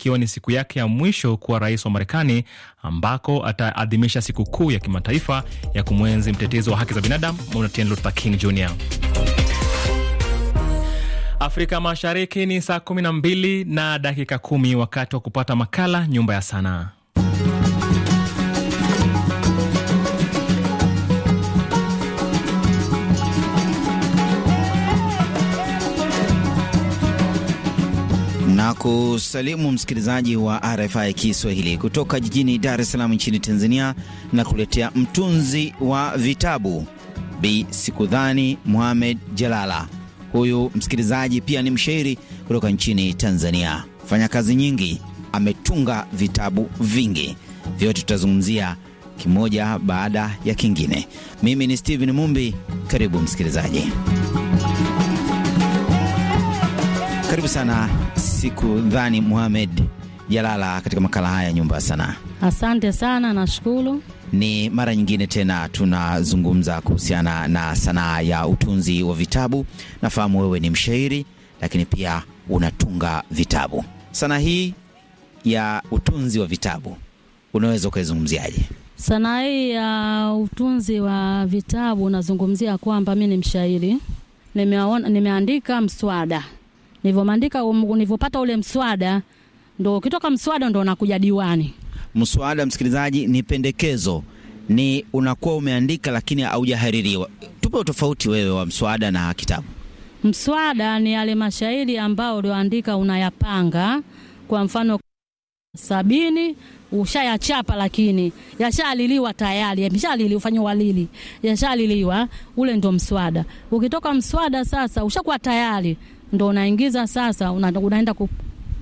ikiwa ni siku yake ya mwisho kuwa rais wa Marekani, ambako ataadhimisha siku kuu ya kimataifa ya kumwenzi mtetezi wa haki za binadamu Martin Luther King Jr. Afrika Mashariki ni saa 12 na dakika kumi, wakati wa kupata makala Nyumba ya Sanaa. na kusalimu msikilizaji wa RFI Kiswahili kutoka jijini Dar es Salaam nchini Tanzania, na kuletea mtunzi wa vitabu Bi Sikudhani muhamed Jalala. Huyu msikilizaji pia ni mshairi kutoka nchini Tanzania, fanya kazi nyingi, ametunga vitabu vingi, vyote tutazungumzia kimoja baada ya kingine. Mimi ni Steven Mumbi, karibu msikilizaji, karibu sana siku Dhani Muhamed Jalala katika makala haya ya Nyumba ya Sanaa. Asante sana, nashukuru. Ni mara nyingine tena tunazungumza kuhusiana na sanaa ya utunzi wa vitabu. Nafahamu wewe ni mshairi, lakini pia unatunga vitabu. Sanaa hii ya utunzi wa vitabu unaweza ukaizungumziaje? Sanaa hii ya utunzi wa vitabu unazungumzia kwamba mi ni mshairi, nimeandika mswada nilivyomandika, nilivyopata ule mswada, ndo ukitoka mswada ndo unakuja diwani. Mswada, msikilizaji, ni pendekezo, ni unakuwa umeandika lakini haujahaririwa. Tupe utofauti wewe wa mswada na kitabu. Mswada ni yale mashairi ambayo ulioandika unayapanga, kwa mfano sabini ushayachapa lakini yashaaliliwa tayari, yameshaaliliwa, ufanye walili, yashaaliliwa. Ule ndo mswada. Ukitoka mswada sasa, ushakuwa tayari ndo unaingiza sasa, unaenda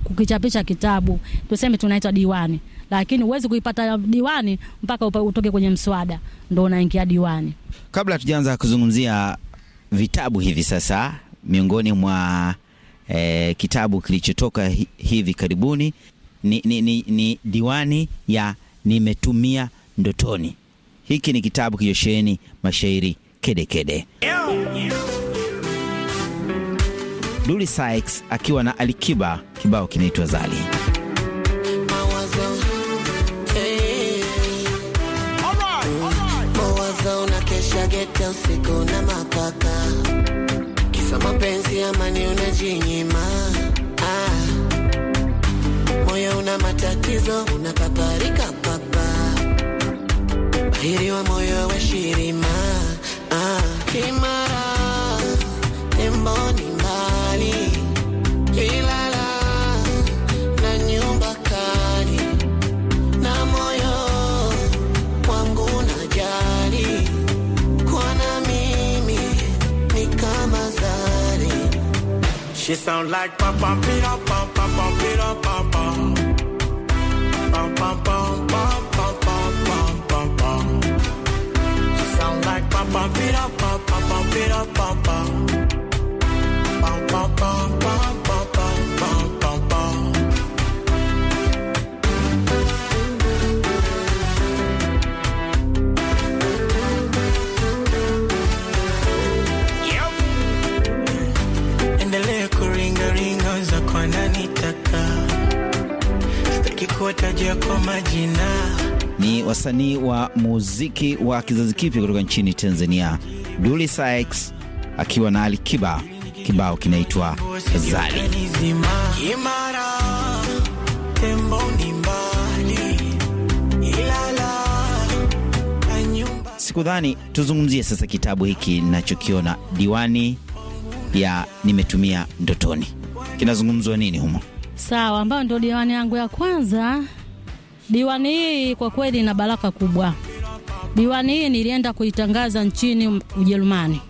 kukichapisha kitabu, tuseme tunaitwa diwani, lakini huwezi kuipata diwani mpaka utoke kwenye mswada, ndo unaingia diwani. Kabla hatujaanza kuzungumzia vitabu hivi sasa, miongoni mwa e, kitabu kilichotoka hivi karibuni ni, ni, ni, ni diwani ya nimetumia ndotoni. Hiki ni kitabu kiyosheni mashairi kedekede kede. Dully Sykes akiwa na Alikiba, kibao kinaitwa Zali. Geta usiku na mapaka kisa mapenzi amani unajinyima, ah. Moyo una matatizo unakaparika papa, bahiri wa moyo wa ah. Kimara, emboni She sound like pam pam pam pam pam pam pam pam pam pam pam pam pam pam pam pam pam. She sound like pam pam pam pam pam pam pam pam pam pam pam. kwa majina. Ni wasanii wa muziki wa kizazi kipya kutoka nchini Tanzania, Duli Sykes akiwa na Ali Kiba, kibao kinaitwa Zali. Sikudhani tuzungumzie sasa kitabu hiki nachokiona, diwani ya nimetumia ndotoni, kinazungumzwa nini humo? Sawa, ambayo ndio diwani yangu ya kwanza. Diwani hii kwa kweli ina baraka kubwa. Diwani hii nilienda kuitangaza nchini Ujerumani,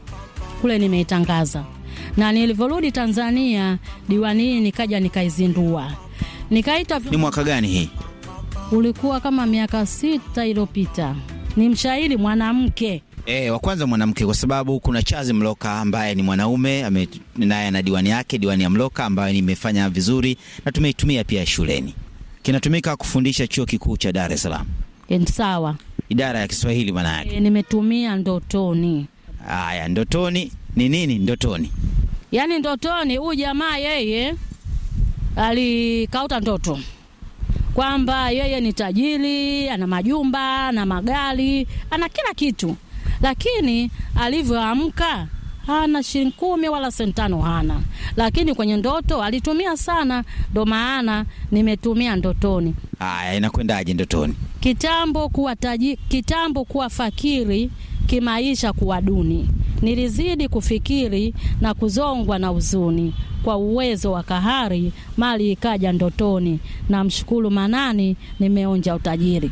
kule nimeitangaza, na nilivyorudi Tanzania diwani hii nikaja nikaizindua, nikaita. Ni mwaka gani hii? Ulikuwa kama miaka sita iliyopita. Ni mshairi mwanamke E, wa kwanza mwanamke, kwa sababu kuna Chazi Mloka ambaye ni mwanaume naye ana diwani yake, diwani ya Mloka ambayo nimefanya vizuri na tumeitumia pia shuleni, kinatumika kufundisha chuo kikuu cha Dar es Salaam. Sawa, idara ya Kiswahili maana yake. E, nimetumia ndotoni. Haya, ndotoni ni nini? Ndotoni yaani ndotoni, huyu jamaa yeye alikauta ndoto kwamba yeye ni tajiri, ana majumba, ana magari, ana kila kitu lakini alivyoamka hana shilingi kumi wala senti tano hana, lakini kwenye ndoto alitumia sana, ndo maana nimetumia ndotoni. Haya, inakwendaje ndotoni? Kitambo kuwa taji, kitambo kuwa fakiri, kimaisha kuwa duni, nilizidi kufikiri na kuzongwa na huzuni kwa uwezo wa kahari, mali ikaja ndotoni, na mshukuru Manani, nimeonja utajiri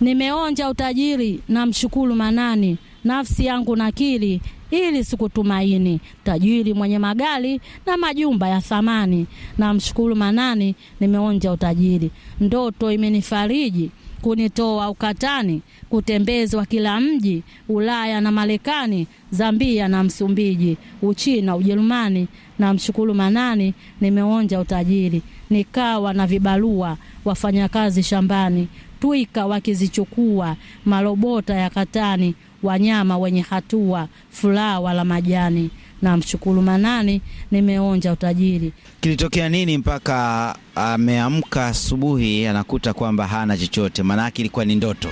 nimeonja utajiri, na mshukuru Manani, nafsi yangu na kili ili sikutumaini tajiri mwenye magari na majumba ya thamani, namshukuru Manani, nimeonja utajiri. Ndoto imenifariji kunitoa ukatani, kutembezwa kila mji, Ulaya na Marekani, Zambia na Msumbiji, Uchina, Ujerumani. Namshukuru Manani, nimeonja utajiri, nikawa na vibarua, wafanyakazi shambani, Twiga wakizichukua, marobota ya katani, wanyama wenye hatua, furaha wala majani. Namshukuru Manani, nimeonja utajiri. Kilitokea nini mpaka ameamka asubuhi anakuta kwamba hana chochote? Maanake ilikuwa ni ndoto.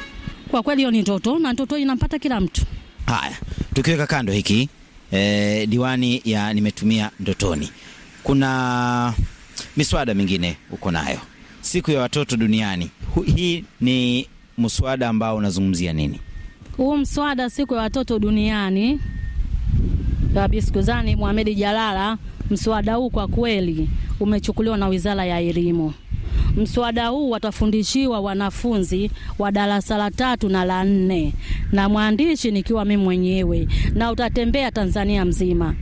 Kwa kweli hiyo ni ndoto, na ndoto inampata kila mtu. Haya, tukiweka kando hiki e, diwani ya nimetumia ndotoni, kuna miswada mingine uko nayo? siku ya watoto duniani. Hii ni mswada ambao unazungumzia nini? Huu mswada siku ya watoto duniani Abiskuzani Muhamedi Jalala, mswada huu kwa kweli umechukuliwa na Wizara ya Elimu. Mswada huu watafundishiwa wanafunzi wa darasa la tatu na la nne, na mwandishi nikiwa mimi mwenyewe, na utatembea Tanzania mzima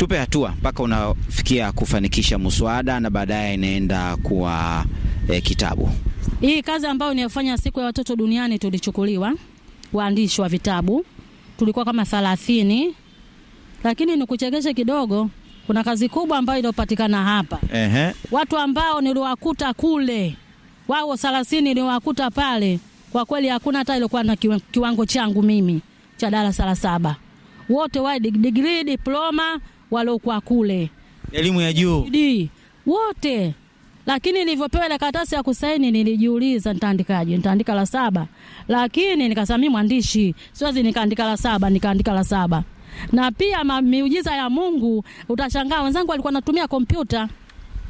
tupe hatua mpaka unafikia kufanikisha muswada na baadaye inaenda kuwa e, kitabu. Hii kazi ambayo nilifanya siku ya watoto duniani, tulichukuliwa waandishi wa vitabu tulikuwa kama thalathini, lakini nikuchekeshe kidogo, kuna kazi kubwa ambayo iliyopatikana hapa. Ehe. Watu ambao niliwakuta kule wao thalathini niliwakuta pale, kwa kweli hakuna hata ilikuwa na kiwango changu mimi cha darasa la saba, wote wa digrii diploma waliokuwa kule elimu ya juu wote. Lakini nilivyopewa ile karatasi ya kusaini nilijiuliza, nitaandikaje? Nitaandika la saba, lakini nikasema mimi mwandishi siwezi nikaandika la saba, nikaandika la saba. Na pia miujiza ya Mungu utashangaa, wenzangu walikuwa natumia kompyuta,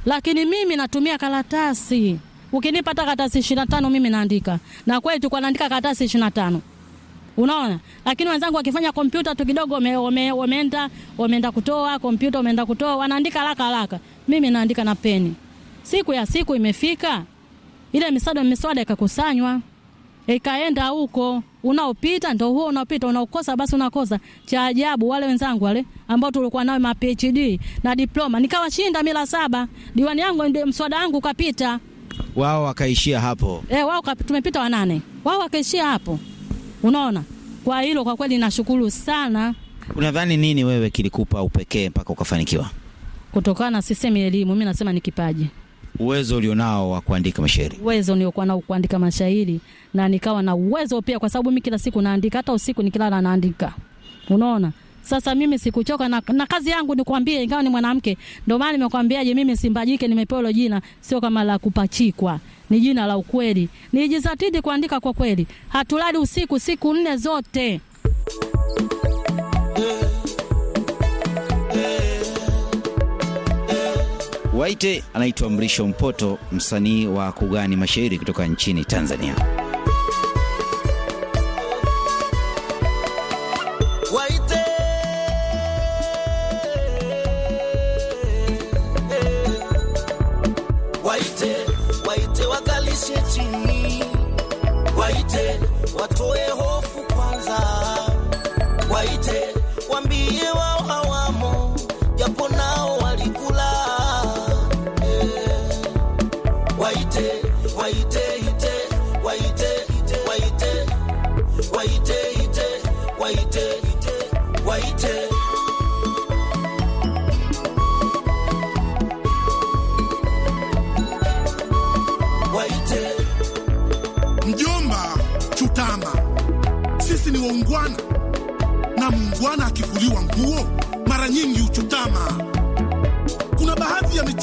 lakini mimi natumia karatasi. Ukinipata karatasi 25 mimi naandika, na kweli tulikuwa naandika karatasi 25 unaona. Lakini wenzangu wakifanya kompyuta tu kidogo, wameenda wameenda kutoa kompyuta, wameenda kutoa, wanaandika haraka haraka. Mimi naandika na peni. Siku ya siku imefika, ile misada miswada ikakusanywa ikaenda huko, unaopita ndo huo unaopita, unaokosa basi unakosa. Cha ajabu wale wenzangu wale ambao tulikuwa nao ma PhD na diploma, nikawashinda mila saba, diwani yangu ndio mswada wangu kapita, wao wakaishia hapo. E, wao tumepita wanane, wao wakaishia hapo. Unaona, kwa hilo kwa kweli nashukuru sana. Unadhani nini wewe kilikupa upekee mpaka ukafanikiwa? Kutokana na sisemi elimu, mimi nasema ni kipaji, uwezo ulionao wa kuandika mashairi, uwezo niliokuwa nao kuandika mashairi, na nikawa na uwezo pia, kwa sababu mimi kila siku naandika, hata usiku nikilala naandika, unaona sasa mimi sikuchoka na, na kazi yangu ni kuambia, ingawa ni mwanamke. Ndio maana nimekwambiaje, mimi Simbajike nimepewa hilo jina, sio kama la kupachikwa, ni jina la ukweli. Nijizatidi kuandika kwa kweli, hatulali usiku siku nne zote. Waite anaitwa Mrisho Mpoto, msanii wa kugani mashairi kutoka nchini Tanzania.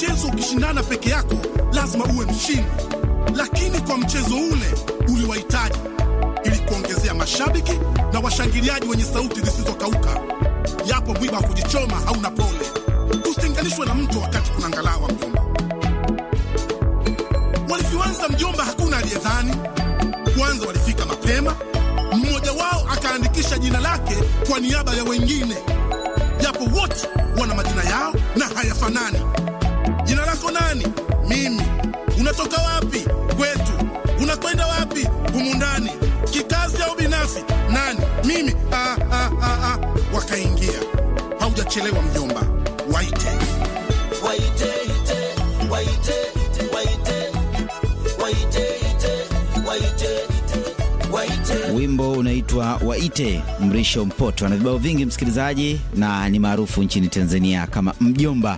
mchezo ukishindana peke yako lazima uwe mshindi, lakini kwa mchezo ule uliwahitaji ili kuongezea mashabiki na washangiliaji wenye sauti zisizokauka. Yapo mwiba wa kujichoma, hauna pole. usitenganishwe na mtu wakati kuna ngalawa. Mjomba walivyoanza, mjomba, hakuna aliyedhani. Kwanza walifika mapema, mmoja wao akaandikisha jina lake kwa niaba ya wengine, japo wote wana majina yao na hayafanani. Jina lako nani? Mimi. Unatoka wapi? Kwetu. Unakwenda wapi? Humu ndani. Kikazi au binafsi? Nani? Mimi. Ah, ah, ah, ah. Wakaingia. Haujachelewa mjomba. Waite. Waite, waite, waite. Waite, waite. Wimbo unaitwa Waite Mrisho Mpoto. Ana vibao vingi msikilizaji, na ni maarufu nchini Tanzania kama Mjomba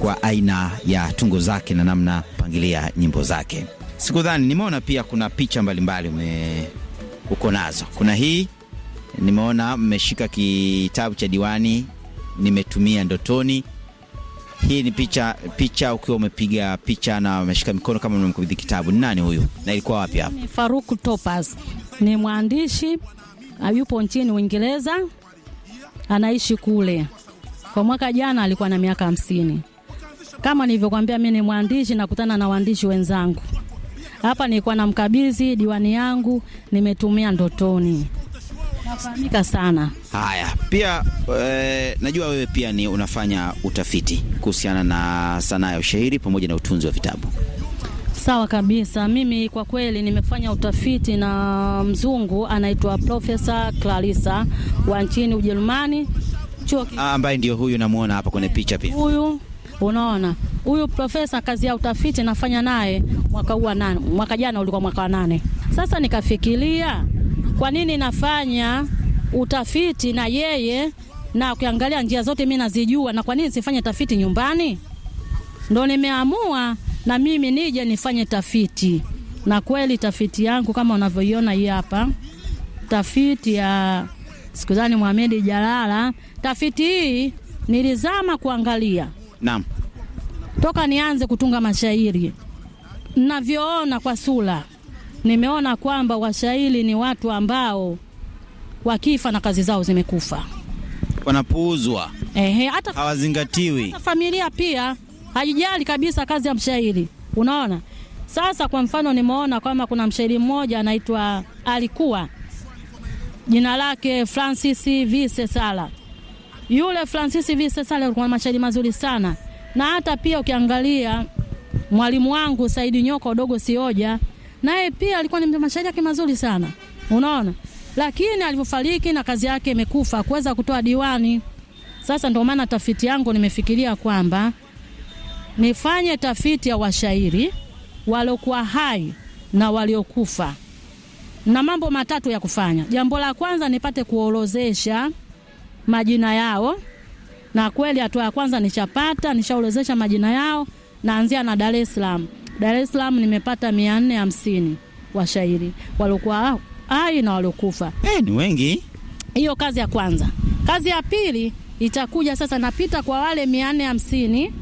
kwa aina ya tungo zake na namna pangilia nyimbo zake. Sikudhani, nimeona pia kuna picha mbalimbali ume uko nazo. Kuna hii nimeona mmeshika kitabu cha diwani nimetumia ndotoni. Hii ni picha picha ukiwa umepiga picha na umeshika mikono kama umemkabidhi kitabu. Ni nani huyu na ilikuwa wapi hapo? Faruk Topas, ni mwandishi, yupo nchini Uingereza, anaishi kule. Kwa mwaka jana alikuwa na miaka hamsini. Kama nilivyokuambia, mimi ni mwandishi, nakutana na waandishi wenzangu hapa. Nilikuwa na mkabidhi diwani yangu, nimetumia ndotoni nafahamika sana. Haya pia e, najua wewe pia ni unafanya utafiti kuhusiana na sanaa ya ushairi pamoja na utunzi wa vitabu. Sawa kabisa. Mimi kwa kweli nimefanya utafiti na mzungu anaitwa Profesa Clarissa wa nchini Ujerumani, chuo ah, ambaye ndio huyu namwona hapa kwenye picha pia huyu Unaona, huyu profesa kazi ya utafiti nafanya naye mwaka huu nane, mwaka jana ulikuwa mwaka wa nane. Sasa nikafikiria kwa nini nafanya utafiti na yeye na kuangalia njia zote mimi nazijua, na kwa nini sifanye tafiti nyumbani? Ndo nimeamua na mimi nije nifanye tafiti, na kweli tafiti yangu kama unavyoiona hii hapa, tafiti ya Sikuzani Muhamedi Jalala. Tafiti hii nilizama kuangalia Naam, toka nianze kutunga mashairi navyoona kwa sura, nimeona kwamba washairi ni watu ambao wakifa na kazi zao zimekufa, wanapuuzwa, ehe, hata hawazingatiwi. Familia pia haijali kabisa kazi ya mshairi, unaona. Sasa kwa mfano, nimeona kwamba kuna mshairi mmoja anaitwa, alikuwa jina lake Francis Vise Sala yule Francis hivi sasa leo kwa mashahidi mazuri sana, na hata pia ukiangalia mwalimu wangu Saidi Nyoka Udogo Sioja, naye pia alikuwa ni mashahidi yake mazuri sana, unaona. Lakini alivyofariki na kazi yake imekufa kuweza kutoa diwani. Sasa ndio maana tafiti yangu nimefikiria kwamba nifanye tafiti ya washairi waliokuwa hai na waliokufa, na mambo matatu ya kufanya. Jambo la kwanza nipate kuorozesha majina yao, na kweli hatua ya kwanza nishapata, nishaulezesha majina yao. Naanzia na Dar es Salaam. Dar es Salaam nimepata mia nne hamsini washairi waliokuwa hai na waliokufa. Hey, eh, ni wengi. Hiyo kazi ya kwanza. Kazi ya pili itakuja sasa, napita kwa wale mia nne hamsini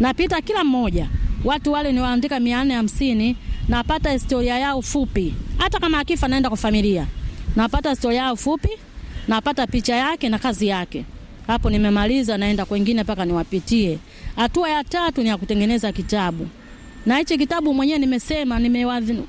napita kila mmoja, watu wale niwaandika mia nne hamsini napata historia yao fupi, hata kama akifa naenda kwa familia, napata historia yao fupi napata picha yake na kazi yake. Hapo nimemaliza, naenda kwengine mpaka niwapitie. Hatua ya tatu ni ya kutengeneza kitabu, na hichi kitabu mwenyewe nimesema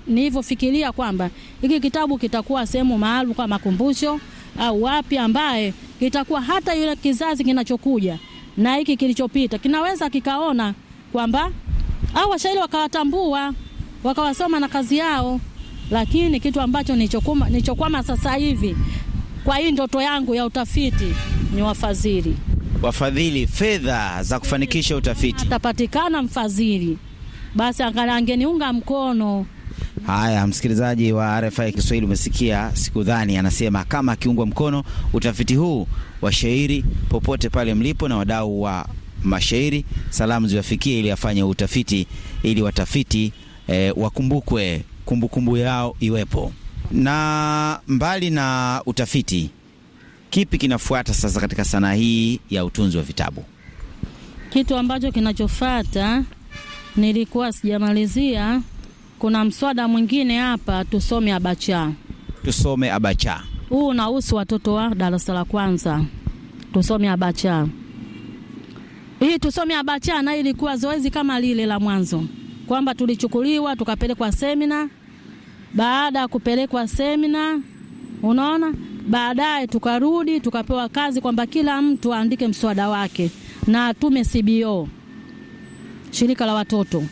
nilivyofikiria kwamba hiki kitabu kitakuwa sehemu maalum kwa makumbusho au wapi, ambaye kitakuwa hata yule kizazi kinachokuja na hiki kilichopita kinaweza kikaona kwamba au washairi wakawatambua wakawasoma na kazi yao, lakini kitu ambacho nilichokwama sasa hivi kwa hii ndoto yangu ya utafiti ni wafadhili, wafadhili fedha za kufanikisha utafiti. Atapatikana mfadhili, basi angeniunga mkono. Haya, msikilizaji wa RFI Kiswahili, umesikia Sikudhani anasema kama akiungwa mkono utafiti huu wa shairi, popote pale mlipo na wadau wa mashairi, salamu ziwafikie ili afanye utafiti, ili watafiti eh, wakumbukwe, kumbukumbu kumbu yao iwepo. Na mbali na utafiti, kipi kinafuata sasa katika sanaa hii ya utunzi wa vitabu? Kitu ambacho kinachofuata, nilikuwa sijamalizia, kuna mswada mwingine hapa, tusome abacha, tusome abacha. Huu unahusu watoto wa darasa la kwanza, tusome abacha. Hii tusome abacha na ilikuwa zoezi kama lile la mwanzo, kwamba tulichukuliwa tukapelekwa semina baada ya kupelekwa semina, unaona, baadaye tukarudi tukapewa kazi kwamba kila mtu aandike mswada wake na atume CBO, shirika la watoto.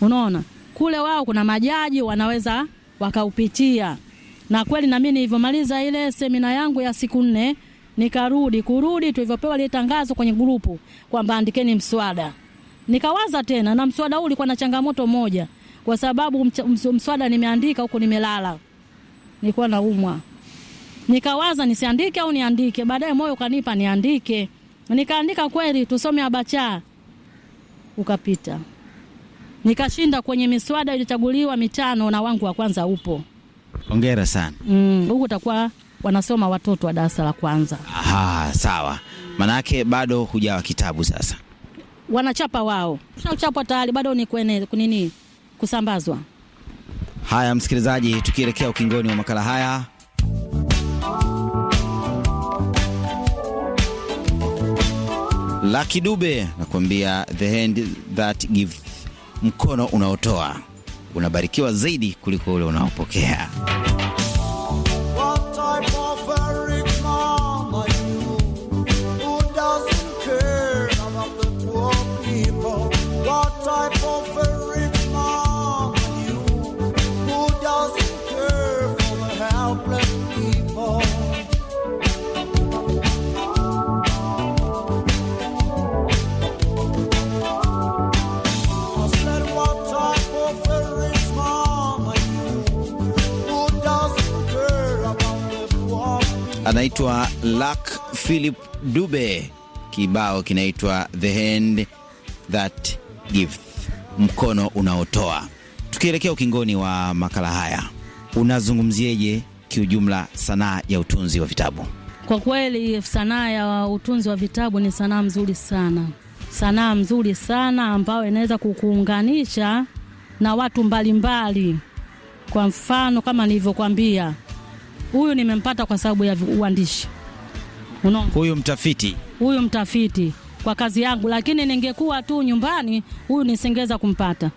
Unaona, kule wao kuna majaji wanaweza wakaupitia, na kweli nami nilivyomaliza ile semina yangu ya siku nne nikarudi kurudi, tulivyopewa lile tangazo kwenye grupu kwamba andikeni mswada, nikawaza tena, na mswada huu ulikuwa na changamoto moja kwa sababu mswada nimeandika huko, nimelala, nilikuwa naumwa, nikawaza nisiandike au niandike. Baadaye moyo ukanipa niandike, nikaandika kweli, tusome abacha ukapita, nikashinda kwenye miswada ilichaguliwa mitano na wangu wa kwanza upo. Hongera sana. Mm, huku utakuwa wanasoma watoto wa darasa la kwanza. Aha, sawa, manake bado hujawa kitabu. Sasa wanachapa wao, shauchapwa tayari, bado ni kwenye kunini kusambazwa. Haya msikilizaji, tukielekea ukingoni wa makala haya Laki Dube nakuambia the hand that gives, mkono unaotoa unabarikiwa zaidi kuliko ule unaopokea. anaitwa Luck Philip Dube, kibao kinaitwa The Hand That Giveth, mkono unaotoa. Tukielekea ukingoni wa makala haya, unazungumzieje kiujumla sanaa ya utunzi wa vitabu? Kwa kweli sanaa ya utunzi wa vitabu ni sanaa mzuri sana, sanaa mzuri sana ambayo inaweza kukuunganisha na watu mbalimbali mbali. Kwa mfano kama nilivyokwambia huyu nimempata kwa sababu ya uandishi. Unaona, huyu mtafiti, huyu mtafiti kwa kazi yangu, lakini ningekuwa tu nyumbani, huyu nisingeweza kumpata.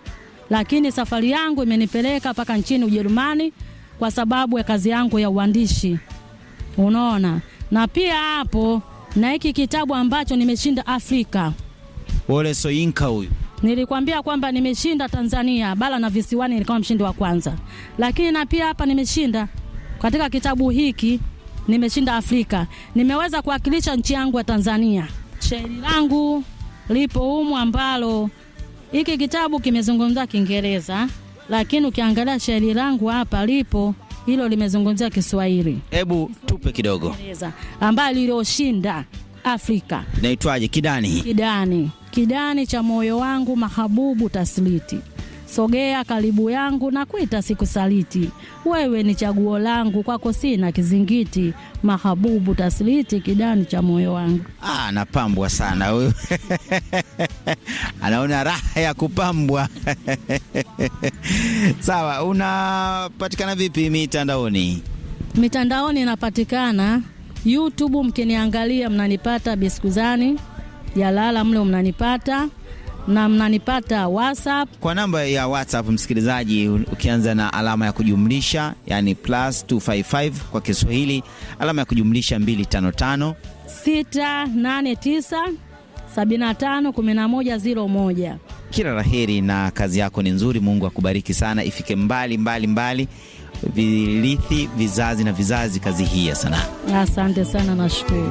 Lakini safari yangu imenipeleka mpaka nchini Ujerumani kwa sababu ya kazi yangu ya uandishi, unaona. Na pia hapo na hiki kitabu ambacho nimeshinda Afrika, Ole Soyinka huyu nilikwambia kwamba nimeshinda Tanzania bara na visiwani, nilikuwa mshindi wa kwanza, lakini na pia hapa nimeshinda katika kitabu hiki nimeshinda Afrika, nimeweza kuwakilisha nchi yangu ya Tanzania. Shairi langu lipo humu ambalo hiki kitabu kimezungumza Kiingereza, lakini ukiangalia shairi langu hapa lipo hilo limezungumzia Kiswahili. Hebu tupe kidogo, ambayo lilioshinda Afrika. Naitwaje? Kidani, kidani, kidani cha moyo wangu mahabubu tasliti sogea karibu yangu na kuita siku saliti wewe ni chaguo langu, kwako sina kizingiti, mahabubu tasliti kidani cha moyo wangu. Ah, anapambwa sana huyu anaona raha ya kupambwa sawa. Unapatikana vipi mitandaoni? Mitandaoni inapatikana YouTube, mkiniangalia mnanipata, Biskuzani Jalala mle mnanipata na mnanipata WhatsApp kwa namba ya WhatsApp, msikilizaji, ukianza na alama ya kujumlisha yani plus 255 kwa Kiswahili, alama ya kujumlisha 255 689 Kila laheri na kazi yako ni nzuri, Mungu akubariki sana, ifike mbali mbali mbali, virithi vizazi na vizazi kazi hii ya sanaa. Asante sana, nashukuru.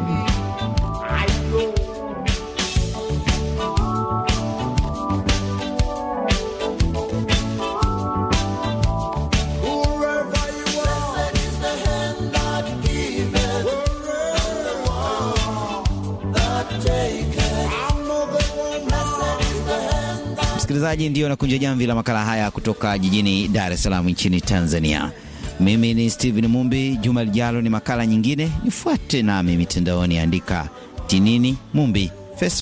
msikilizaji, ndiyo nakunja jamvi la makala haya kutoka jijini Dar es Salaam nchini Tanzania. Mimi ni stehen Mumbi. Juma lijalo ni makala nyingine, nifuate nami mitandaoni, andika tinini Mumbi